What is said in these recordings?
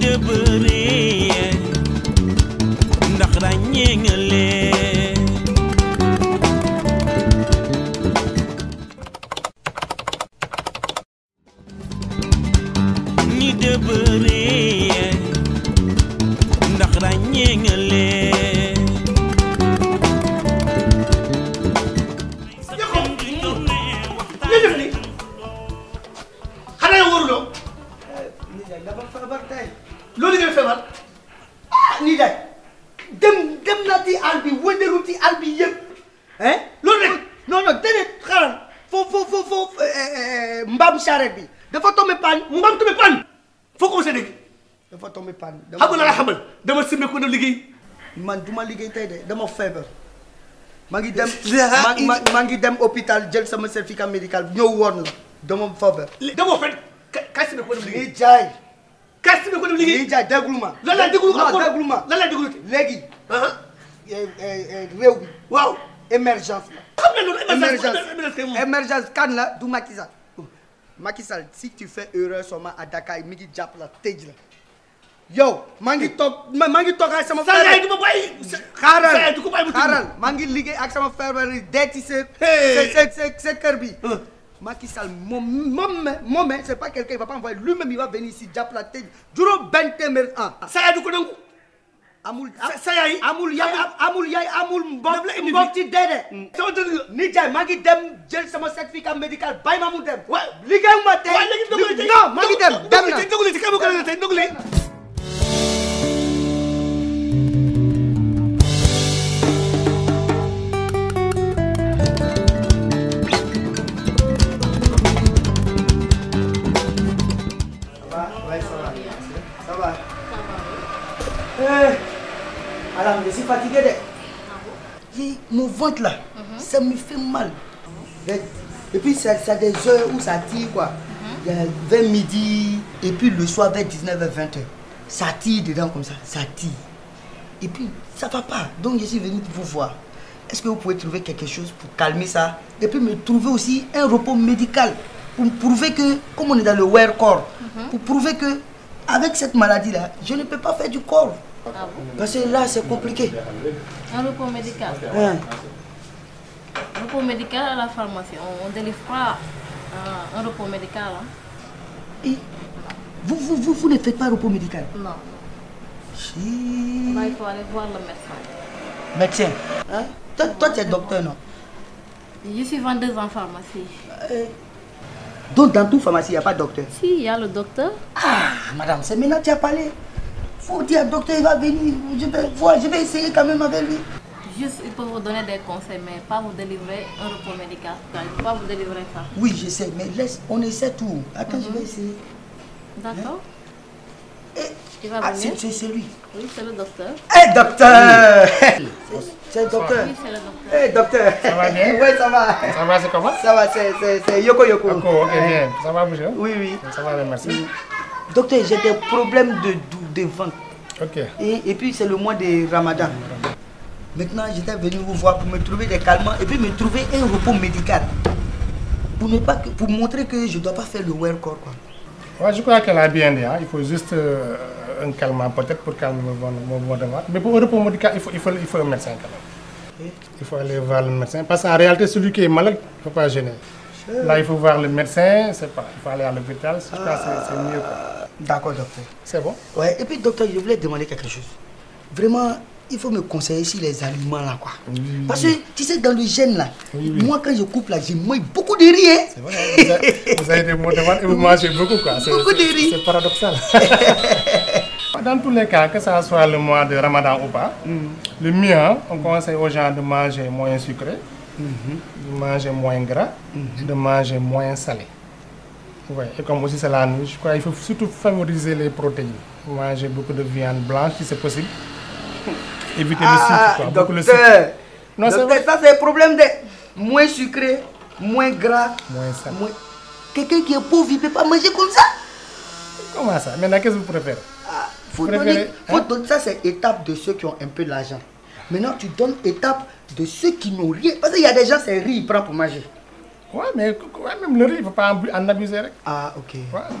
de bëree ndax ràññee nga leen charrette bi dafa tombé panne tombé panne dafa tombé panne. xam la dama ko man du liggéey de dama dem mangi dem hôpital jël sama certificat médical woon dama dama fait Cassez ko liggéey. jaay. ko liggéey jaay déglu ma. la déglu déglu ma la ah ah. eh, eh, eh, bi waaw émergence la. émergence la du Macky Sall si tu fais erreur seulement à Dakar mi ngi jàpp la tëj la. yow maa ngi toog maa ngi toog ak sama. frère Sall du ma bàyyi. xaaral xaaral maa ak sama frère yi dee ci sa. sa kër bi. Macky Sall moom moom moom c'est pas quelqu'un il va pas envoyer lui-même il va venir ici jàpp la tëj juróom benn téeméer ah. Sall du ko nangu. amul sa yaay amul yaay amul yaay amul mbokk mbokk ci déedéet. Mm. nijaay maa ngi dem jël sama certificat médical bàyyi ma mu dem. wa liggéey ma tey non maa ngi dem dem na doguli ci kër ga la tey doguli ça va ça va ça va eh, Alors, ah, je suis fatigué. Mon ventre là, mhm. ça me fait mal. Et puis, ça a des heures où ça tire quoi. Mhm. Il 20 midi, et puis le soir vers 19h, 20h. Ça tire dedans comme ça, ça tire. Et puis, ça ne va pas. Donc, je suis venu vous voir. Est-ce que vous pouvez trouver quelque chose pour calmer ça Et puis, me trouver aussi un repos médical pour prouver que, comme on est dans le wear corps, mhm. pour prouver que, avec cette maladie-là, je ne peux pas faire du corps. Ah Parce que là, c'est compliqué. Un repos médical hein. Un repos médical à la pharmacie. On ne délivre pas un, repos médical. Hein? Et vous, vous, vous, ne faites pas repos médical Non. il faut aller voir le médecin. Médecin hein? Toi, tu es docteur, non Je suis vendeuse en pharmacie. Euh, donc, dans toute pharmacie, il n'y a pas de docteur Si, il y a le docteur. Ah, madame, c'est maintenant que tu as parlé faut dire docteur, il va venir. Je vais essayer quand même avec lui. Juste, il peut vous donner des conseils, mais pas vous délivrer un repos médical. Pas vous délivrer ça. Oui, j'essaie, mais laisse, on essaie tout. Attends, je vais mhm. essayer. D'accord. Hein? Il va ah, C'est lui. Oui, c'est le docteur. Hé, eh, docteur C'est le docteur. Oui, c'est le docteur. Hé, eh, docteur. Ça va bien Oui, ça va. Ça va, c'est comment Ça va, c'est Yoko Yoko. Yoko, ok, bien. Ça va, monsieur Oui, oui. Ça va, merci. Docteur, j'ai des problèmes de douleur devant. Et, puis c'est le mois de Ramadan. Maintenant, j'étais venu vous voir pour me trouver des calmants et puis me trouver un repos médical. Pour, ne pas, pour montrer que je ne dois pas faire le work core Ouais, je crois qu'elle a bien dit. Hein. Il faut juste euh, un calmant, peut-être pour calmer mon, mon, de Mais pour un repos médical, il faut, il faut, un médecin quand même. Il faut aller voir le médecin. Parce qu'en réalité, celui qui est malade, il ne faut pas gêner. Là, il faut voir le médecin, c'est pas. Il faut aller à l'hôpital, je crois que c'est mieux. D'accord, docteur. C'est bon Ouais, et puis, docteur, je voulais demander quelque chose. Vraiment, il faut me conseiller sur les aliments là quoi. Parce que tu sais dans le gène là, moi quand je coupe là, J'ai mange beaucoup de riz. Hein? C'est vrai, vous avez des mots de et vous mangez beaucoup quoi. Beaucoup de riz. C'est paradoxal. dans tous les cas, que ce soit le mois de Ramadan ou pas, mm. le mien, hein, on conseille aux gens de manger moins sucré, mm-hmm. de manger moins gras, mm-hmm. de manger moins salé. Oui, et comme aussi c'est la nourriture, je crois qu'il faut surtout favoriser les protéines. Manger beaucoup de viande blanche si c'est possible. Éviter le ah, sucre. Quoi. Docteur, le sucre. Non, ça c'est le problème de moins sucré, moins gras, moins salé. Quelqu'un qui est pauvre, il ne peut pas manger comme ça. Comment ça Maintenant, qu'est-ce que vous préférez ah, vous préférez, hein? ça c'est étape de ceux qui ont un peu d'argent. Maintenant, tu donnes étape de ceux qui n'ont rien. Parce qu'il y a des gens, c'est riz, ils prennent pour manger. Oui, mais même le riz, il ne faut pas en abuser. Ah, ok.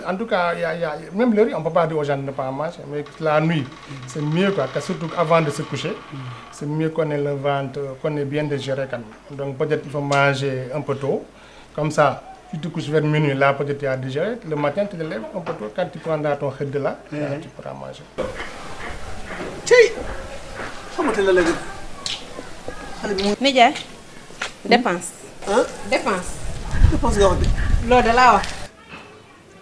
en tout cas, même le riz, on ne peut pas dire aux gens de ne pas en manger. Mais la nuit, c'est mieux, quoi, surtout avant de se coucher, c'est mieux qu'on ait le ventre, qu'on ait bien digéré quand Donc peut-être qu'il faut manger un peu tôt. Comme ça, tu te couches vers minuit, là, peut-être tu as digéré. Le matin, tu te lèves un peu tôt. Quand tu prendras ton riz de là, eh eh. tu pourras manger. Tchèi Comment tu l'as lèvé Média, dépense. Hein? Dépense. dépense nga loolu da laa wax.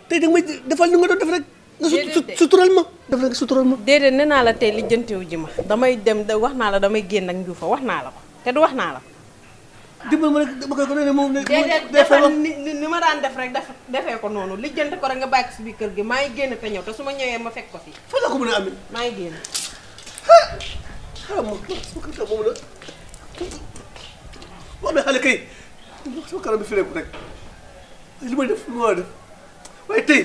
te da nga may defal ni nga doon def rek. nga sutural ma def rek sutural ma. déedéet nee naa la tey lijjantewu jëntiwu ji ma damay dem da wax naa la damay génn ak njuufa wax naa la ko te du wax naa la ko. dimbal ma rek dama koy ko doon ne moom. déedéet ni ma daan def rek defee ko noonu li jënt ko rek nga bàyyi ko si biir kër gi maa ngi génn te ñëw te su ma ñëwee ma fekk ko fi. fan la ko mën a amee. maa ngi génn. ah ah moom la ndax sama kanam bi fi nekk rek li may def lu ma def waaye tey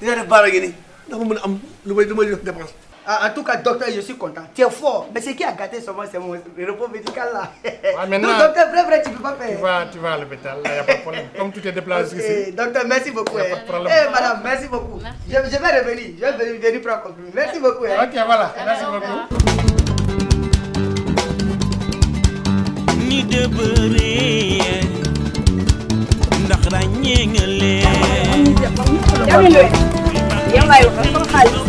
dinaa def baara gi nii dama mën a am lu may lu may def dépense. ah en tout cas docteur je suis content tu es fort mais ce qui a gâté seulement c'est mon repos médical là. ah maintenant donc docteur vrai vrai tu peux pas faire. tu vas tu vas à l'hôpital là y a pas de problème comme tu t'es déplacé ici. docteur merci beaucoup. Hein. eh madame merci beaucoup. je vais revenir je vais venir venir prendre complément merci beaucoup. Hein. ok voilà merci beaucoup. ni de beurre bañengale jamilwe yamay wax yow la sama xaliss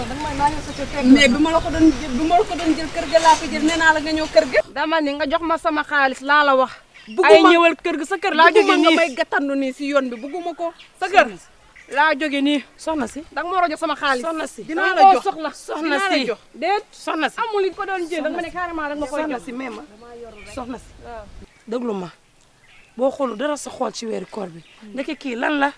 lan sa mais bima la ko jël bima la ko jël ga la jël la nga ga dama ni nga jox ma sama xaliss la la wax ay ga sa la ni may ni ci yoon bi ko sa la jóge ni soxna si da mo ma sama xaalis soxna si dina la jox soxna soxna si jox soxna si amul li ko doon jënd da ma ne carrément da ma koy jox soxna si même soxna si déglu ma boo xoolu dara sa xol ci wéri koor bi hmm. ndeke ki lan la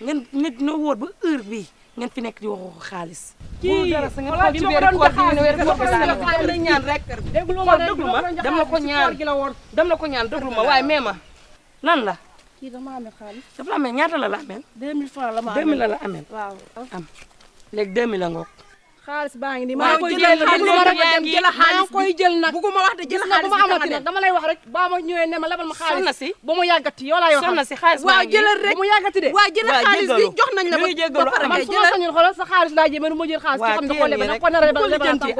ngeen nit no wóor ba heure bi ngeen fi nek di waxu ko xaalis kii wala bi ma ko doon jaxaale weer koor bi laa ñaan rek déglu ma déglu ma dam la ko ñaan dam la ko ñaan déglu ma waaye même lan la kii dama amee xaalis. dafa la amee ñaata la la amee. 2000 francs la ma amee 2000 la la amee. waaw am léegi 2000 la ngoog. xaalis baa ngi nii maa ngi koy jël nag maa ngi koy jël nag bëgguma wax de jël xaalis bi amati nag dama lay wax rek ba ma ñëwee ne ma lebal ma xaalis soxna si ba mu yàggati yow laa yoo xam soxna si xaalis waaw jëlal rek bu mu yàggati de waaw jëlal xaalis bi jox nañ la ba pare man su ma sañoon xoolal sa xaalis laa jëmee ma jël xaalis bi xam ne ko lebal nag ko nar a lebal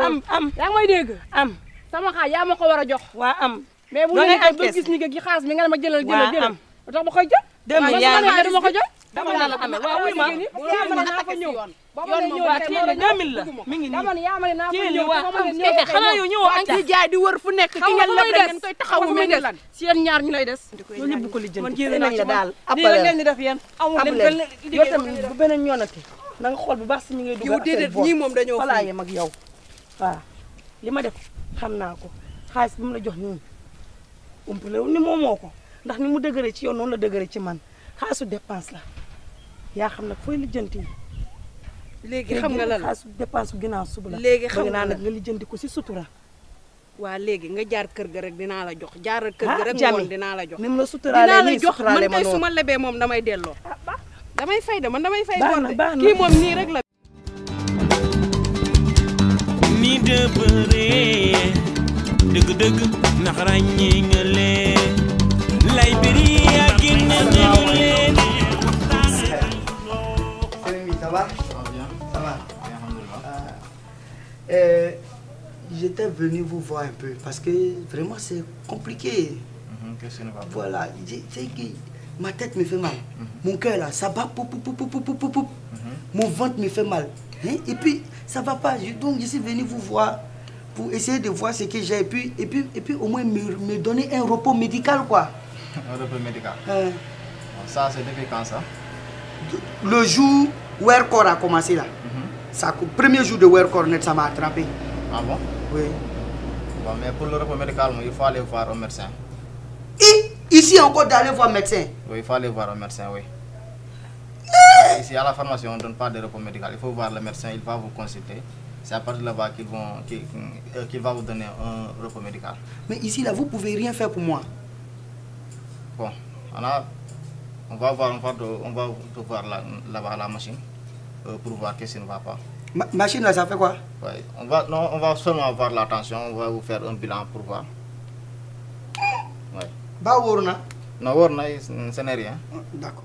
am am yaa ngi may dégg am sama xaalis yaa ma ko war a jox waaw am mais bu ñu ba gis ni gi xaalis bi nga ne ma jëlal jëlal jëlal lu tax ma koy jël. deux milliards la dama ko jël. dama la amee waaw wuy ma ceeb la naa fa ñëw yoon moom mi ngi nii téeméer waa am xanaa di wër fu nekk ki ngeen leb ngeen koy taxawu mel ni lan lay des loolu yëpp ko lijjanti man jëlee nañ la daal appalé ngeen di def yéen amul leen yow tamit bu beneen ñoonati na nga xool bu baax si ñu ngay dugal yow déedéet ñii moom dañoo falaa yem ak yow waaw li ma def xam naa ko xaalis bi mu la jox nii umpale ni moom moo ko ndax ni mu dëgëre ci yoon noonu la dëgëre ci man xaasu dépense la yaa xam nag fooy lijjanti léegi xam nga lan xaasu dépense bu ginnaaw suba la léegi xam nga nag nga lijjanti ko si sutura waa léegi nga jaar kër gi rek dinaa la jox jaaral kër ga ah, rek moom dinaa la jox nim la suturaale dinaa la jox man tey su ma lebee moom damay delloo ah, damay fay de man damay fay doon kii moom nii rek la ni dëbëree dëgg-dëgg ndax ràññee nga lee Libéria Guinée Guinée ça va Ça va Ça va euh, J'étais venu vous voir un peu parce que vraiment c'est compliqué. Mhm, voilà, ma tête me fait mal. Mhm. Mon cœur là, ça bat, mhm. mon ventre me fait mal. Hein? Et puis, ça va pas. donc, je suis venu vous voir pour essayer de voir ce que j'ai et puis, et puis, et puis au moins me, me donner un repos médical quoi. Un repos médical. Euh. Ça, c'est depuis quand ça Le jour où corps a commencé là. Mhm. Ça, le premier jour de Aircore net, ça m'a attrapé. Ah bon Oui. mais pour le repos médical, il faut aller voir un médecin. Et ici encore d'aller voir un médecin Oui, il faut aller voir un médecin, oui. Eh! Ici à la formation, on ne donne pas de repos médical. Il faut voir le médecin, il va vous consulter. C'est à partir de là-bas qu'il euh, va vous donner un repos médical. Mais ici, là, vous ne pouvez rien faire pour moi bon, on, on va voir, on va, on va voir là-bas la machine euh, pour voir qu'est-ce qui ne va pas. La machine là, ça fait quoi ouais, on, va, non, on va seulement voir l'attention, on va vous faire un bilan pour voir. Ouais. Bah, Warna Non, Warna, ce n'est rien. D'accord.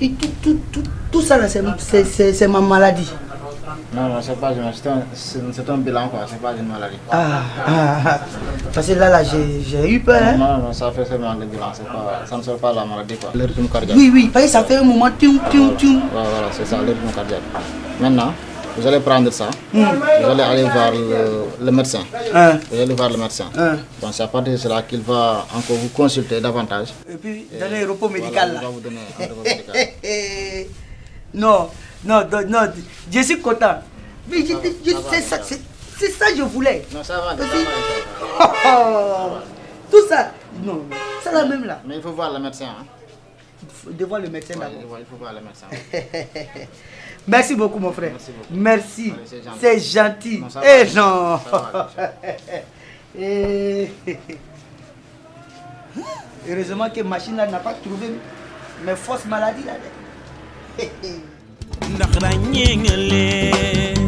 Et tout, tout, tout, ça, c'est ma maladie. Non, non, c'est pas une c'est un, bilan, quoi. C'est pas une maladie. Ah, ah, ah. parce que là, là j'ai eu peur. Hein. Non, non, ça fait seulement le bilan, pas, ça ne sert pas la maladie, quoi. Le rythme cardiaque. Oui, oui, ça fait un moment, tu, tu, tu. Voilà, voilà c'est ça, le rythme cardiaque. Maintenant, vous allez prendre ça, hmm. vous allez aller voir le, médecin. Hein. Vous allez voir le médecin. Hein. c'est à partir de cela qu'il va encore vous consulter davantage. Et puis, et donner le repos médical. là. Vous non, non, non, je suis content. Mais c'est ça, que je voulais. Non, ça va. Oh, tout ça, non, c'est la même là. Mais il faut voir le médecin. Hein. faut voir le médecin là. Il faut voir le médecin. Merci beaucoup, mon frère. Merci. C'est gentil. Eh non. Eh. Heureusement que machine n'a pas trouvé mes fausses maladies là.